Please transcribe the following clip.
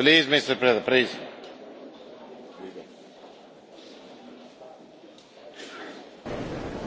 Please, Mr. Preda, please.